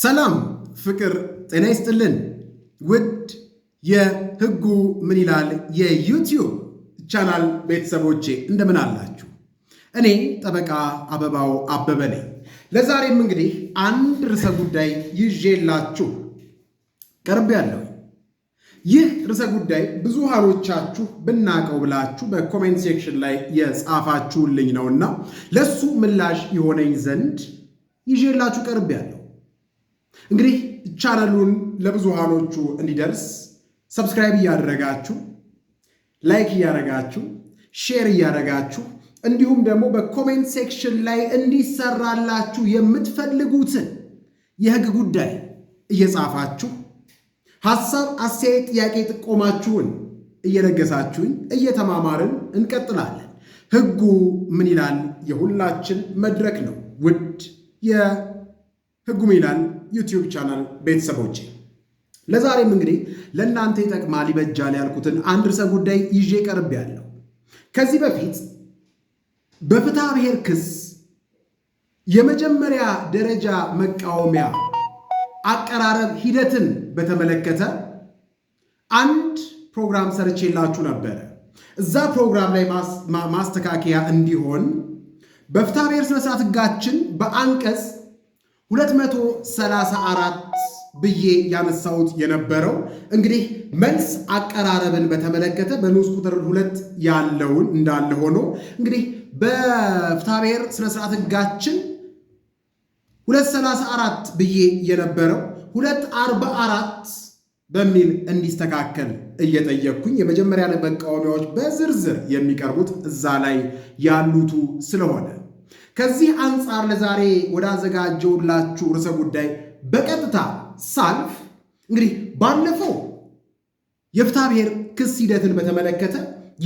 ሰላም ፍቅር ጤና ይስጥልን። ውድ የህጉ ምን ይላል የዩቲዩብ ቻናል ቤተሰቦቼ እንደምን አላችሁ? እኔ ጠበቃ አበባው አበበ ነኝ። ለዛሬም እንግዲህ አንድ ርዕሰ ጉዳይ ይዤላችሁ ቀርብ ያለው ይህ ርዕሰ ጉዳይ ብዙሃኖቻችሁ ብናቀው ብላችሁ በኮሜንት ሴክሽን ላይ የጻፋችሁልኝ ነውና ለሱ ምላሽ የሆነኝ ዘንድ ይዤላችሁ ቀርብ ያለው እንግዲህ ቻናሉን ለብዙሃኖቹ እንዲደርስ ሰብስክራይብ እያደረጋችሁ ላይክ እያደረጋችሁ ሼር እያደረጋችሁ እንዲሁም ደግሞ በኮሜንት ሴክሽን ላይ እንዲሰራላችሁ የምትፈልጉትን የህግ ጉዳይ እየጻፋችሁ ሐሳብ፣ አስተያየት፣ ጥያቄ ጥቆማችሁን እየለገሳችሁኝ እየተማማርን እንቀጥላለን። ህጉ ምን ይላል የሁላችን መድረክ ነው። ውድ የህጉ ምን ይላል ዩቲዩብ ቻናል ቤተሰቦቼ ለዛሬም እንግዲህ ለእናንተ ይጠቅማል ይበጃል ያልኩትን አንድ ርዕሰ ጉዳይ ይዤ ቀርብ ያለው ከዚህ በፊት በፍትሐ ብሔር ክስ የመጀመሪያ ደረጃ መቃወሚያ አቀራረብ ሂደትን በተመለከተ አንድ ፕሮግራም ሰርቼላችሁ ነበረ። እዛ ፕሮግራም ላይ ማስተካከያ እንዲሆን በፍትሐ ብሔር ስነስርዓት ህጋችን ሕጋችን በአንቀጽ 234 ብዬ ያነሳሁት የነበረው እንግዲህ መልስ አቀራረብን በተመለከተ በንዑስ ቁጥር ሁለት ያለውን እንዳለ ሆኖ እንግዲህ በፍትሐብሔር ስነስርዓት ህጋችን 234 ብዬ የነበረው 244 በሚል እንዲስተካከል እየጠየቅኩኝ የመጀመሪያ መቃወሚያዎች በዝርዝር የሚቀርቡት እዛ ላይ ያሉቱ ስለሆነ ከዚህ አንጻር ለዛሬ ወዳዘጋጀውላችሁ ርዕሰ ጉዳይ በቀጥታ ሳልፍ እንግዲህ ባለፈው ብሔር ክስ ሂደትን በተመለከተ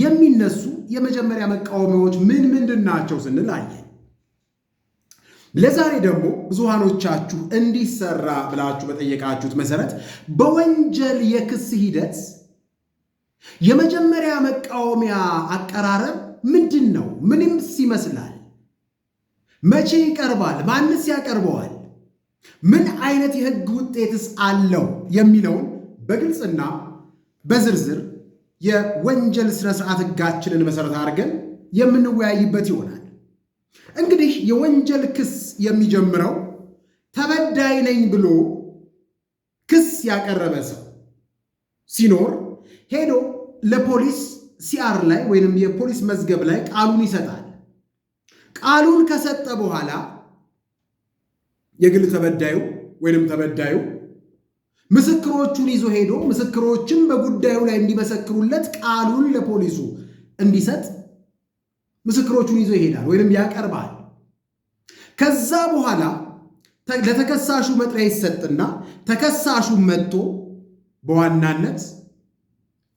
የሚነሱ የመጀመሪያ መቃወሚያዎች ምን ምንድን ናቸው ስንል አየን። ለዛሬ ደግሞ ብዙሃኖቻችሁ እንዲሰራ ብላችሁ በጠየቃችሁት መሰረት በወንጀል የክስ ሂደት የመጀመሪያ መቃወሚያ አቀራረብ ምንድን ነው? ምንም ይመስላል? መቼ ይቀርባል? ማንስ ያቀርበዋል? ምን አይነት የህግ ውጤትስ አለው የሚለውን በግልጽና በዝርዝር የወንጀል ስነ ስርዓት ህጋችንን መሰረት አድርገን የምንወያይበት ይሆናል። እንግዲህ የወንጀል ክስ የሚጀምረው ተበዳይ ነኝ ብሎ ክስ ያቀረበ ሰው ሲኖር ሄዶ ለፖሊስ ሲአር ላይ ወይንም የፖሊስ መዝገብ ላይ ቃሉን ይሰጣል። ቃሉን ከሰጠ በኋላ የግል ተበዳዩ ወይንም ተበዳዩ ምስክሮቹን ይዞ ሄዶ ምስክሮችን በጉዳዩ ላይ እንዲመሰክሩለት ቃሉን ለፖሊሱ እንዲሰጥ ምስክሮቹን ይዞ ይሄዳል ወይንም ያቀርባል። ከዛ በኋላ ለተከሳሹ መጥሪያ ይሰጥና ተከሳሹ መጥቶ በዋናነት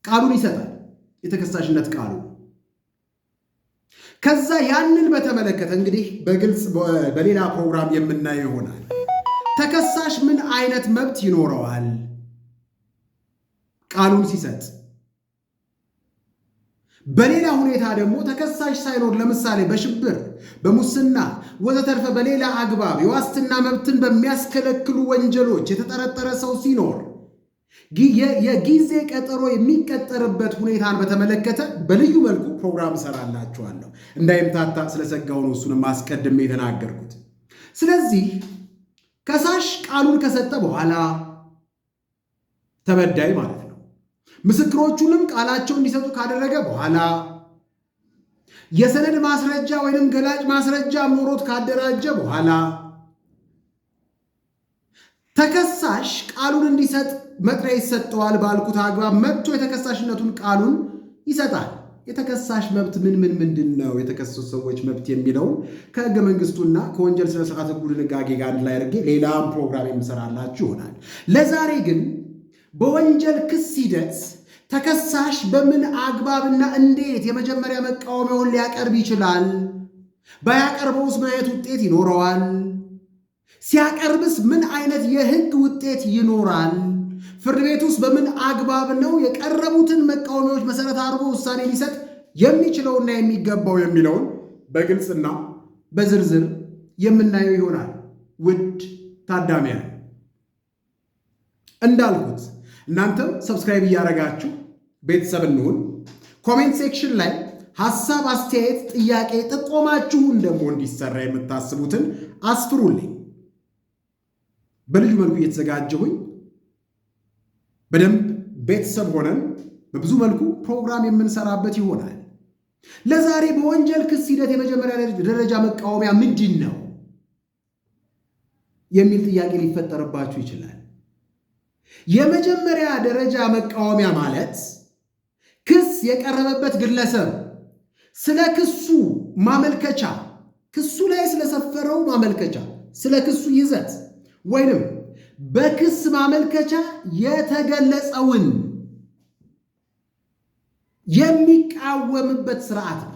ቃሉን ይሰጣል። የተከሳሽነት ቃሉ ከዛ ያንን በተመለከተ እንግዲህ በግልጽ በሌላ ፕሮግራም የምናየው ይሆናል። ተከሳሽ ምን አይነት መብት ይኖረዋል? ቃሉን ሲሰጥ በሌላ ሁኔታ ደግሞ ተከሳሽ ሳይኖር ለምሳሌ በሽብር፣ በሙስና ወዘተርፈ በሌላ አግባብ የዋስትና መብትን በሚያስከለክሉ ወንጀሎች የተጠረጠረ ሰው ሲኖር የጊዜ ቀጠሮ የሚቀጠርበት ሁኔታን በተመለከተ በልዩ መልኩ ፕሮግራም እሰራላችኋለሁ። እንዳይምታታ ስለሰጋው ነው እሱንም አስቀድሜ የተናገርኩት። ስለዚህ ከሳሽ ቃሉን ከሰጠ በኋላ ተበዳይ ማለት ነው ምስክሮቹንም ቃላቸው እንዲሰጡ ካደረገ በኋላ የሰነድ ማስረጃ ወይንም ገላጭ ማስረጃ ኖሮት ካደራጀ በኋላ ተከሳሽ ቃሉን እንዲሰጥ መጥሪያ ይሰጠዋል። ባልኩት አግባብ መጥቶ የተከሳሽነቱን ቃሉን ይሰጣል። የተከሳሽ መብት ምን ምን ምንድን ነው? የተከሰሱ ሰዎች መብት የሚለው ከህገ መንግስቱና ከወንጀል ስነስርዓት ህጉ ድንጋጌ ጋር አንድ ላይ አድርጌ ሌላም ፕሮግራም የምሰራላችሁ ይሆናል። ለዛሬ ግን በወንጀል ክስ ሂደት ተከሳሽ በምን አግባብና እንዴት የመጀመሪያ መቃወሚያውን ሊያቀርብ ይችላል? ባያቀርበውስ ምን አይነት ውጤት ይኖረዋል? ሲያቀርብስ ምን አይነት የህግ ውጤት ይኖራል? ፍርድ ቤት ውስጥ በምን አግባብ ነው የቀረቡትን መቃወሚያዎች መሰረት አድርጎ ውሳኔ ሊሰጥ የሚችለውና የሚገባው የሚለውን በግልጽና በዝርዝር የምናየው ይሆናል። ውድ ታዳሚያ እንዳልኩት እናንተም ሰብስክራይብ እያደረጋችሁ ቤተሰብ እንሁን። ኮሜንት ሴክሽን ላይ ሀሳብ፣ አስተያየት፣ ጥያቄ ጥቆማችሁን ደግሞ እንዲሰራ የምታስቡትን አስፍሩልኝ። በልዩ መልኩ እየተዘጋጀሁኝ በደንብ ቤተሰብ ሆነን በብዙ መልኩ ፕሮግራም የምንሰራበት ይሆናል። ለዛሬ በወንጀል ክስ ሂደት የመጀመሪያ ደረጃ መቃወሚያ ምንድን ነው የሚል ጥያቄ ሊፈጠርባችሁ ይችላል። የመጀመሪያ ደረጃ መቃወሚያ ማለት ክስ የቀረበበት ግለሰብ ስለ ክሱ ማመልከቻ ክሱ ላይ ስለሰፈረው ማመልከቻ ስለ ክሱ ይዘት ወይንም በክስ ማመልከቻ የተገለጸውን የሚቃወምበት ስርዓት ነው።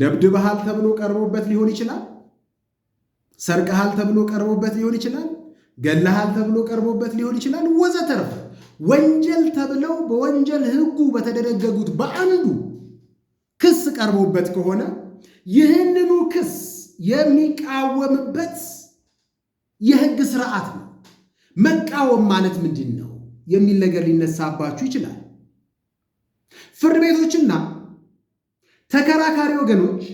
ደብድበሃል ተብሎ ቀርቦበት ሊሆን ይችላል። ሰርቀሃል ተብሎ ቀርቦበት ሊሆን ይችላል። ገለሃል ተብሎ ቀርቦበት ሊሆን ይችላል። ወዘተርፍ ወንጀል ተብለው በወንጀል ሕጉ በተደነገጉት በአንዱ ክስ ቀርቦበት ከሆነ ይህንኑ ክስ የሚቃወምበት የህግ ስርዓት ነው። መቃወም ማለት ምንድን ነው የሚል ነገር ሊነሳባችሁ ይችላል። ፍርድ ቤቶችና ተከራካሪ ወገኖች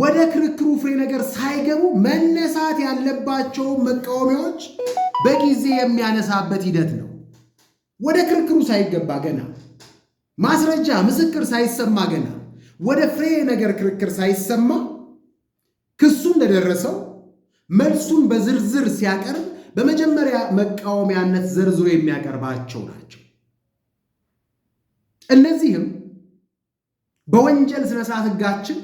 ወደ ክርክሩ ፍሬ ነገር ሳይገቡ መነሳት ያለባቸውን መቃወሚያዎች በጊዜ የሚያነሳበት ሂደት ነው። ወደ ክርክሩ ሳይገባ ገና ማስረጃ ምስክር ሳይሰማ ገና ወደ ፍሬ ነገር ክርክር ሳይሰማ ክሱ እንደደረሰው መልሱን በዝርዝር ሲያቀርብ በመጀመሪያ መቃወሚያነት ዘርዝሮ የሚያቀርባቸው ናቸው። እነዚህም በወንጀል ስነ ስርዓት ሕጋችን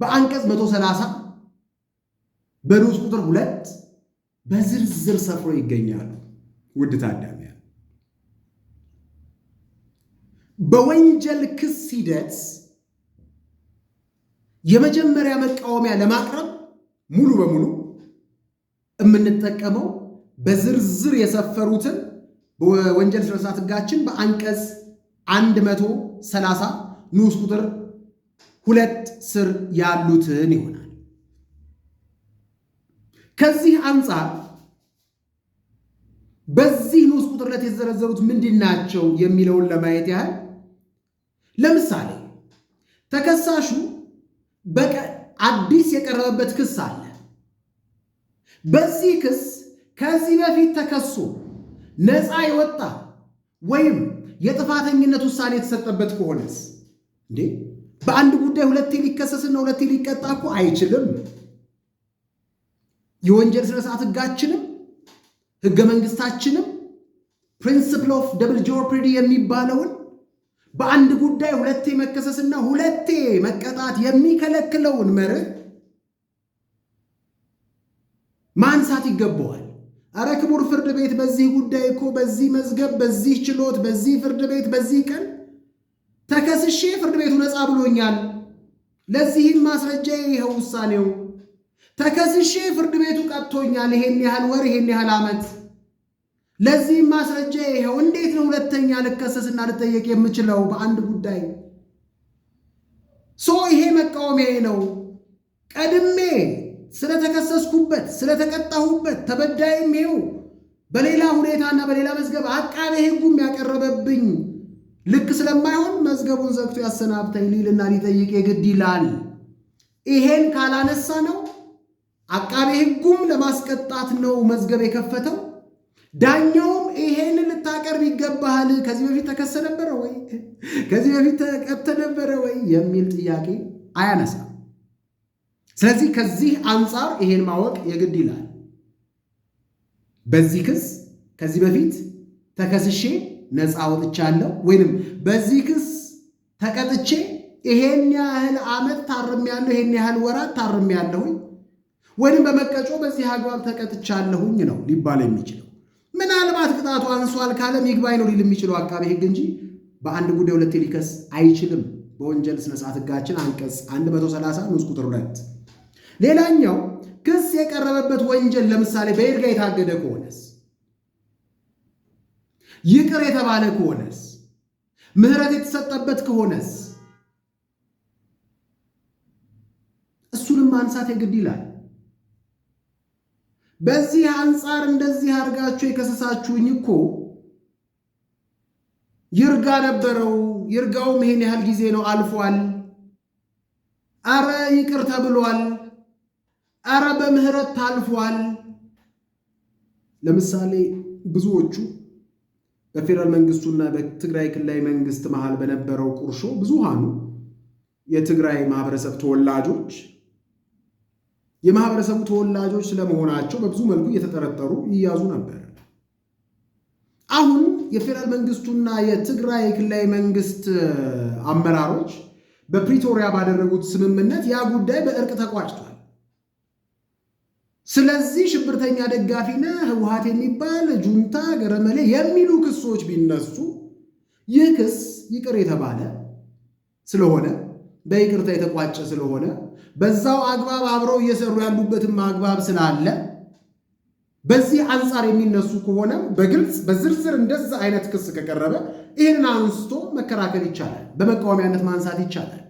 በአንቀጽ 130 በንዑስ ቁጥር ሁለት በዝርዝር ሰፍሮ ይገኛሉ። ውድ ታዳሚያ በወንጀል ክስ ሂደት የመጀመሪያ መቃወሚያ ለማቅረብ ሙሉ በሙሉ የምንጠቀመው በዝርዝር የሰፈሩትን ወንጀል ስነ ስርዓት ሕጋችን በአንቀጽ 130 ንዑስ ቁጥር ሁለት ስር ያሉትን ይሆናል። ከዚህ አንጻር በዚህ ንዑስ ቁጥር ለት የተዘረዘሩት ምንድን ናቸው የሚለውን ለማየት ያህል ለምሳሌ ተከሳሹ አዲስ የቀረበበት ክስ አለ። በዚህ ክስ ከዚህ በፊት ተከሶ ነፃ የወጣ ወይም የጥፋተኝነት ውሳኔ የተሰጠበት ከሆነስ እንዴ በአንድ ጉዳይ ሁለቴ ሊከሰስና ሁለቴ ሊቀጣ እኮ አይችልም። የወንጀል ስነ ስርዓት ህጋችንም ህገ መንግስታችንም ፕሪንስፕል ኦፍ ደብል ጆፕሪዲ የሚባለውን በአንድ ጉዳይ ሁለቴ መከሰስና ሁለቴ መቀጣት የሚከለክለውን መርህ ማንሳት ይገባዋል። አረ ክቡር ፍርድ ቤት በዚህ ጉዳይ እኮ በዚህ መዝገብ፣ በዚህ ችሎት፣ በዚህ ፍርድ ቤት፣ በዚህ ቀን ተከስሼ ፍርድ ቤቱ ነፃ ብሎኛል። ለዚህም ማስረጃ ይኸው ውሳኔው። ተከስሼ ፍርድ ቤቱ ቀጥቶኛል፣ ይሄን ያህል ወር፣ ይሄን ያህል ዓመት። ለዚህም ማስረጃ ይኸው። እንዴት ነው ሁለተኛ ልከሰስና ልጠየቅ የምችለው በአንድ ጉዳይ? ሶ ይሄ መቃወሚያ ነው ቀድሜ ስለተከሰስኩበት፣ ስለተቀጣሁበት ተበዳይም ይኸው በሌላ ሁኔታና በሌላ መዝገብ አቃቤ ሕጉም ያቀረበብኝ ልክ ስለማይሆን መዝገቡን ዘግቶ ያሰናብተኝ ሊልና ሊጠይቅ የግድ ይላል። ይሄን ካላነሳ ነው አቃቤ ሕጉም ለማስቀጣት ነው መዝገብ የከፈተው። ዳኛውም ይሄን ልታቀርብ ይገባሃል፣ ከዚህ በፊት ተከሰ ነበረ ወይ፣ ከዚህ በፊት ተቀጥተ ነበረ ወይ የሚል ጥያቄ አያነሳም። ስለዚህ ከዚህ አንጻር ይሄን ማወቅ የግድ ይላል። በዚህ ክስ ከዚህ በፊት ተከስሼ ነፃ ወጥቻለሁ ወይንም በዚህ ክስ ተቀጥቼ ይሄን ያህል ዓመት ታርሜያለሁ፣ ይሄን ያህል ወራት ታርሜያለሁኝ ወይንም በመቀጮ በዚህ አግባብ ተቀጥቻለሁኝ ነው ሊባል የሚችለው። ምናልባት ቅጣቱ አንሷል ካለ ይግባኝ ነው ሊል የሚችለው አቃቤ ሕግ እንጂ በአንድ ጉዳይ ሁለቴ ሊከስ አይችልም። በወንጀል ስነስርዓት ሕጋችን አንቀጽ 130 ንዑስ ቁጥር ሁለት ሌላኛው ክስ የቀረበበት ወንጀል ለምሳሌ በይርጋ የታገደ ከሆነስ ይቅር የተባለ ከሆነስ ምሕረት የተሰጠበት ከሆነስ እሱንም ማንሳት የግድ ይላል። በዚህ አንጻር እንደዚህ አድርጋችሁ የከሰሳችሁኝ እኮ ይርጋ ነበረው፣ ይርጋውም ይሄን ያህል ጊዜ ነው አልፏል፣ አረ ይቅር ተብሏል አረ በምህረት ታልፏል። ለምሳሌ ብዙዎቹ በፌደራል መንግስቱና በትግራይ ክልላዊ መንግስት መሃል በነበረው ቁርሾ ብዙሃኑ የትግራይ ማህበረሰብ ተወላጆች የማህበረሰቡ ተወላጆች ስለመሆናቸው በብዙ መልኩ እየተጠረጠሩ ይያዙ ነበር። አሁን የፌዴራል መንግስቱና የትግራይ ክልላዊ መንግስት አመራሮች በፕሪቶሪያ ባደረጉት ስምምነት ያ ጉዳይ በእርቅ ተቋጭቷል። ስለዚህ ሽብርተኛ ደጋፊ ነህ፣ ህወሀት የሚባል ጁንታ፣ ገረመሌ የሚሉ ክሶች ቢነሱ ይህ ክስ ይቅር የተባለ ስለሆነ በይቅርታ የተቋጨ ስለሆነ በዛው አግባብ አብረው እየሰሩ ያሉበትም አግባብ ስላለ በዚህ አንጻር የሚነሱ ከሆነ በግልጽ በዝርዝር እንደዛ አይነት ክስ ከቀረበ ይህንን አንስቶ መከራከል ይቻላል፣ በመቃወሚያነት ማንሳት ይቻላል።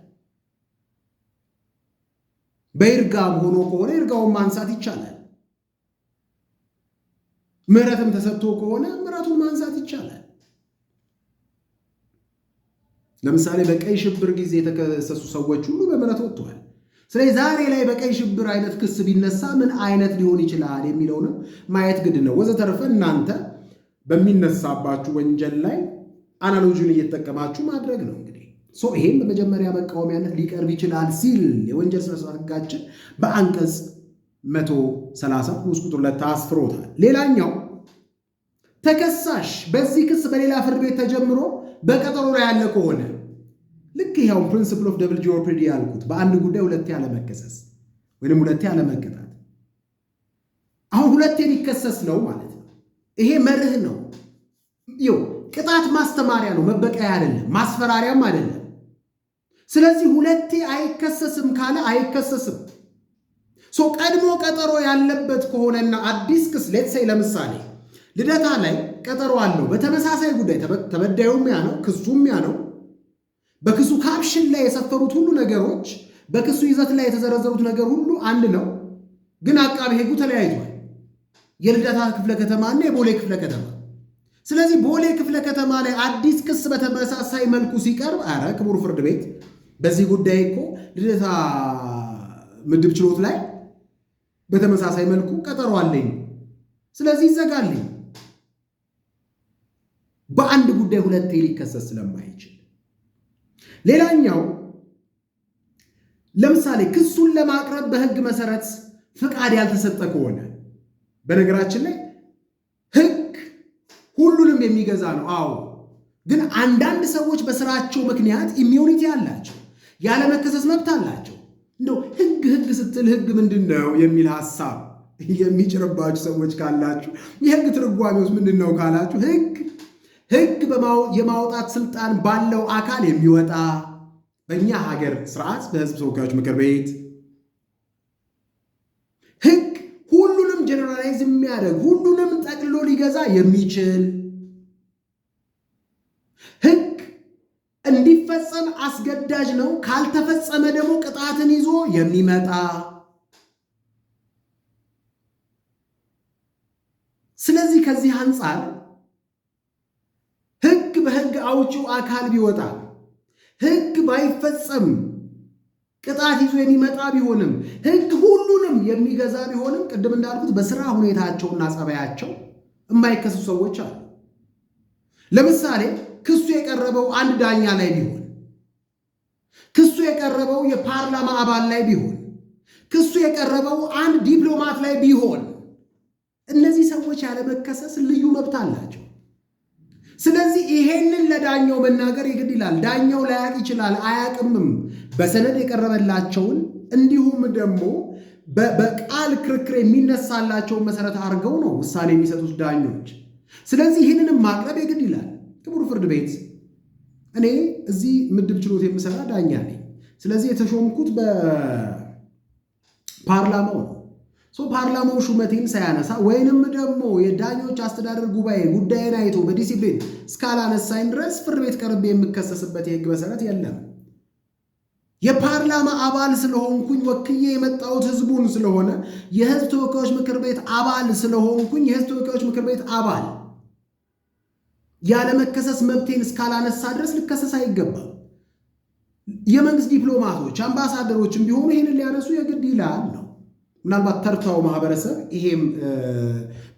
በይርጋም ሆኖ ከሆነ ይርጋውን ማንሳት ይቻላል። ምሕረትም ተሰጥቶ ከሆነ ምሕረቱን ማንሳት ይቻላል። ለምሳሌ በቀይ ሽብር ጊዜ የተከሰሱ ሰዎች ሁሉ በምሕረት ወጥተዋል። ስለዚህ ዛሬ ላይ በቀይ ሽብር አይነት ክስ ቢነሳ ምን አይነት ሊሆን ይችላል የሚለውንም ማየት ግድ ነው። ወዘተረፈ እናንተ በሚነሳባችሁ ወንጀል ላይ አናሎጂን እየተጠቀማችሁ ማድረግ ነው። ይሄም በመጀመሪያ መቃወሚያነት ሊቀርብ ይችላል ሲል የወንጀል ስነ ህጋችን በአንቀጽ 130 ንዑስ ቁጥር ሁለት አስፍሮታል። ሌላኛው ተከሳሽ በዚህ ክስ በሌላ ፍርድ ቤት ተጀምሮ በቀጠሮ ላይ ያለ ከሆነ ልክ ይኸው ፕሪንስፕል ኦፍ ደብል ጂኦፕሪዲ ያልኩት በአንድ ጉዳይ ሁለቴ ያለመከሰስ ወይም ሁለቴ ያለመቀጣት፣ አሁን ሁለቴ ሊከሰስ ነው ማለት ነው። ይሄ መርህ ነው። ይኸው ቅጣት ማስተማሪያ ነው፣ መበቀያ አይደለም፣ ማስፈራሪያም አይደለም። ስለዚህ ሁለቴ አይከሰስም ካለ አይከሰስም። ሶ ቀድሞ ቀጠሮ ያለበት ከሆነና አዲስ ክስ ሌትሰይ ለምሳሌ ልደታ ላይ ቀጠሮ አለው በተመሳሳይ ጉዳይ ተበዳዩም ያ ነው ክሱም ያ ነው። በክሱ ካፕሽን ላይ የሰፈሩት ሁሉ ነገሮች በክሱ ይዘት ላይ የተዘረዘሩት ነገር ሁሉ አንድ ነው፣ ግን አቃቤ ሕጉ ተለያይቷል። የልደታ ክፍለ ከተማና የቦሌ ክፍለ ከተማ። ስለዚህ ቦሌ ክፍለ ከተማ ላይ አዲስ ክስ በተመሳሳይ መልኩ ሲቀርብ አረ ክቡር ፍርድ ቤት በዚህ ጉዳይ እኮ ልደታ ምድብ ችሎት ላይ በተመሳሳይ መልኩ ቀጠሮ አለኝ፣ ስለዚህ ይዘጋልኝ። በአንድ ጉዳይ ሁለቴ ሊከሰስ ስለማይችል ሌላኛው ለምሳሌ ክሱን ለማቅረብ በህግ መሰረት ፍቃድ ያልተሰጠ ከሆነ በነገራችን ላይ ህግ ሁሉንም የሚገዛ ነው። አዎ፣ ግን አንዳንድ ሰዎች በስራቸው ምክንያት ኢሚዩኒቲ አላቸው። ያለመከሰስ መብት አላቸው። እንደው ህግ ህግ ስትል ህግ ምንድን ነው የሚል ሀሳብ የሚጭርባችሁ ሰዎች ካላችሁ የህግ ትርጓሜውስ ምንድን ነው ካላችሁ ህግ ህግ የማውጣት ስልጣን ባለው አካል የሚወጣ በእኛ ሀገር ስርዓት በህዝብ ተወካዮች ምክር ቤት ህግ ሁሉንም ጀነራላይዝ የሚያደርግ ሁሉንም ጠቅሎ ሊገዛ የሚችል ህግ እንዲፈጸም አስገዳጅ ነው። ካልተፈጸመ ደግሞ ቅጣትን ይዞ የሚመጣ ስለዚህ ከዚህ አንጻር ሕግ በሕግ አውጪው አካል ቢወጣ ሕግ ባይፈጸም ቅጣት ይዞ የሚመጣ ቢሆንም ሕግ ሁሉንም የሚገዛ ቢሆንም ቅድም እንዳልኩት በስራ ሁኔታቸውና ጸባያቸው የማይከሱ ሰዎች አሉ። ለምሳሌ ክሱ የቀረበው አንድ ዳኛ ላይ ቢሆን፣ ክሱ የቀረበው የፓርላማ አባል ላይ ቢሆን፣ ክሱ የቀረበው አንድ ዲፕሎማት ላይ ቢሆን እነዚህ ሰዎች ያለመከሰስ ልዩ መብት አላቸው። ስለዚህ ይሄንን ለዳኛው መናገር ይግድ ይላል። ዳኛው ላያቅ ይችላል አያቅምም። በሰነድ የቀረበላቸውን እንዲሁም ደግሞ በቃል ክርክር የሚነሳላቸውን መሰረት አድርገው ነው ውሳኔ የሚሰጡት ዳኞች። ስለዚህ ይህንንም ማቅረብ የግድ ይላል። ክቡር ፍርድ ቤት እኔ እዚህ ምድብ ችሎት የምሰራ ዳኛ ነኝ። ስለዚህ የተሾምኩት በፓርላማው ነው። ፓርላማው ሹመቴን ሳያነሳ ወይንም ደግሞ የዳኞች አስተዳደር ጉባኤ ጉዳይን አይቶ በዲሲፕሊን እስካላነሳኝ ድረስ ፍርድ ቤት ቀርቤ የምከሰስበት የህግ መሰረት የለም። የፓርላማ አባል ስለሆንኩኝ ወክዬ የመጣሁት ህዝቡን ስለሆነ የህዝብ ተወካዮች ምክር ቤት አባል ስለሆንኩኝ የህዝብ ተወካዮች ምክር ቤት አባል ያለመከሰስ መብቴን እስካላነሳ ድረስ ልከሰስ አይገባም። የመንግስት ዲፕሎማቶች አምባሳደሮችም ቢሆኑ ይህንን ሊያነሱ የግድ ይላል ነው። ምናልባት ተርታው ማህበረሰብ ይሄም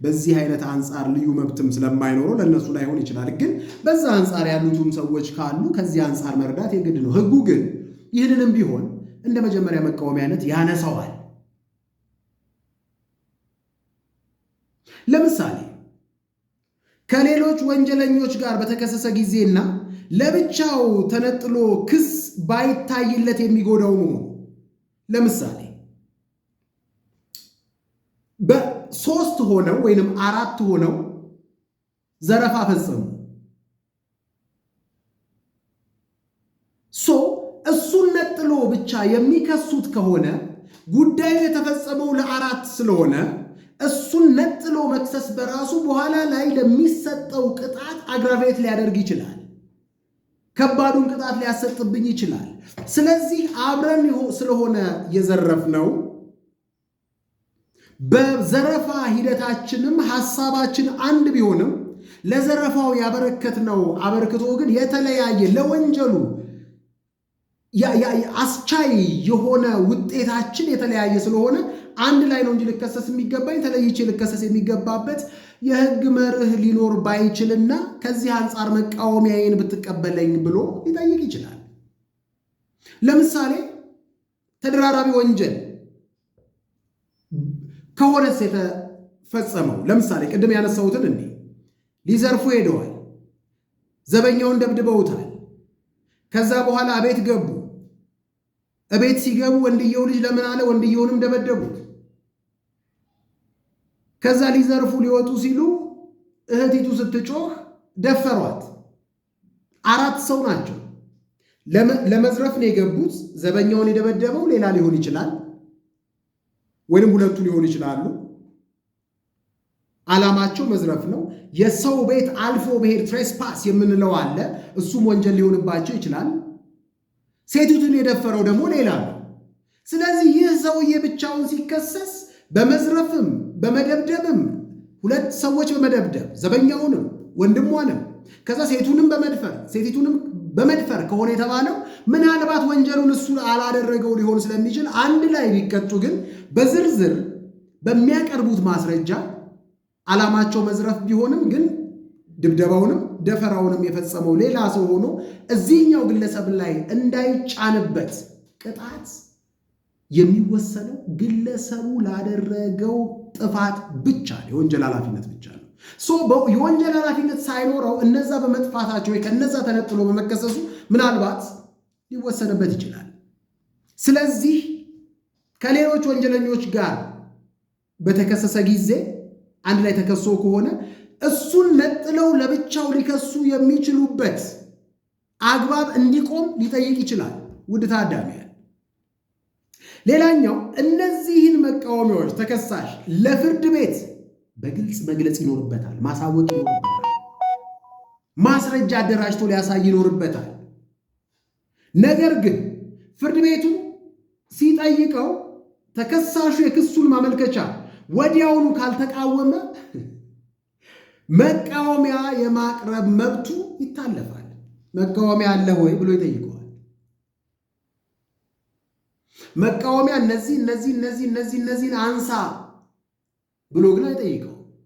በዚህ አይነት አንጻር ልዩ መብትም ስለማይኖረው ለእነሱ ላይሆን ይችላል። ግን በዛ አንጻር ያሉትም ሰዎች ካሉ ከዚህ አንጻር መርዳት የግድ ነው። ህጉ ግን ይህንንም ቢሆን እንደ መጀመሪያ መቃወሚያነት ያነሰዋል። ለምሳሌ ከሌሎች ወንጀለኞች ጋር በተከሰሰ ጊዜና ለብቻው ተነጥሎ ክስ ባይታይለት የሚጎዳው መሆኑ ለምሳሌ በሶስት ሆነው ወይንም አራት ሆነው ዘረፋ ፈጸሙ። ሶ እሱን ነጥሎ ብቻ የሚከሱት ከሆነ ጉዳዩ የተፈጸመው ለአራት ስለሆነ እሱን ነጥሎ መክሰስ በራሱ በኋላ ላይ ለሚሰጠው ቅጣት አግራቬት ሊያደርግ ይችላል። ከባዱን ቅጣት ሊያሰጥብኝ ይችላል። ስለዚህ አብረን ስለሆነ የዘረፍነው በዘረፋ ሂደታችንም ሀሳባችን አንድ ቢሆንም ለዘረፋው ያበረከትነው አበርክቶ ግን የተለያየ ለወንጀሉ አስቻይ የሆነ ውጤታችን የተለያየ ስለሆነ አንድ ላይ ነው እንጂ ልከሰስ የሚገባኝ ተለይቼ ልከሰስ የሚገባበት የህግ መርህ ሊኖር ባይችልና ከዚህ አንጻር መቃወሚያዬን ብትቀበለኝ ብሎ ሊጠይቅ ይችላል። ለምሳሌ ተደራራቢ ወንጀል ከሆነስ የተፈጸመው ለምሳሌ ቅድም ያነሳሁትን እንዲ ሊዘርፉ ሄደዋል፣ ዘበኛውን ደብድበውታል። ከዛ በኋላ እቤት ገቡ። እቤት ሲገቡ ወንድየው ልጅ ለምን አለ፣ ወንድየውንም ደበደቡት። ከዛ ሊዘርፉ ሊወጡ ሲሉ እህቲቱ ስትጮህ ደፈሯት። አራት ሰው ናቸው። ለመዝረፍ ነው የገቡት። ዘበኛውን የደበደበው ሌላ ሊሆን ይችላል፣ ወይንም ሁለቱ ሊሆን ይችላሉ። አላማቸው መዝረፍ ነው። የሰው ቤት አልፎ ብሄድ ትሬስፓስ የምንለው አለ። እሱም ወንጀል ሊሆንባቸው ይችላል። ሴቲቱን የደፈረው ደግሞ ሌላ ነው። ስለዚህ ይህ ሰውዬ ብቻውን ሲከሰስ በመዝረፍም በመደብደብም ሁለት ሰዎች በመደብደብ ዘበኛውንም ወንድሟንም ከዛ ሴቱንም በመድፈር ሴቲቱንም በመድፈር ከሆነ የተባለው ምናልባት ወንጀሉን እሱ አላደረገው ሊሆን ስለሚችል አንድ ላይ ቢቀጡ ግን በዝርዝር በሚያቀርቡት ማስረጃ ዓላማቸው መዝረፍ ቢሆንም ግን ድብደባውንም ደፈራውንም የፈጸመው ሌላ ሰው ሆኖ እዚህኛው ግለሰብ ላይ እንዳይጫንበት ቅጣት የሚወሰነው ግለሰቡ ላደረገው ጥፋት ብቻ ነው። የወንጀል ኃላፊነት ብቻ ነው። የወንጀል ኃላፊነት ሳይኖረው እነዛ በመጥፋታቸው ወይ ከነዛ ተነጥሎ በመከሰሱ ምናልባት ሊወሰንበት ይችላል። ስለዚህ ከሌሎች ወንጀለኞች ጋር በተከሰሰ ጊዜ አንድ ላይ ተከሶ ከሆነ እሱን ነጥለው ለብቻው ሊከሱ የሚችሉበት አግባብ እንዲቆም ሊጠይቅ ይችላል። ውድ ታዳሚ ሌላኛው እነዚህን መቃወሚያዎች ተከሳሽ ለፍርድ ቤት በግልጽ መግለጽ ይኖርበታል፣ ማሳወቅ ይኖርበታል፣ ማስረጃ አደራጅቶ ሊያሳይ ይኖርበታል። ነገር ግን ፍርድ ቤቱ ሲጠይቀው ተከሳሹ የክሱን ማመልከቻ ወዲያውኑ ካልተቃወመ መቃወሚያ የማቅረብ መብቱ ይታለፋል። መቃወሚያ አለ ወይ ብሎ ይጠይቁ መቃወሚያ እነዚህ እነዚህ እነዚህ እነዚህ እነዚህን አንሳ ብሎ ግን አይጠይቀው።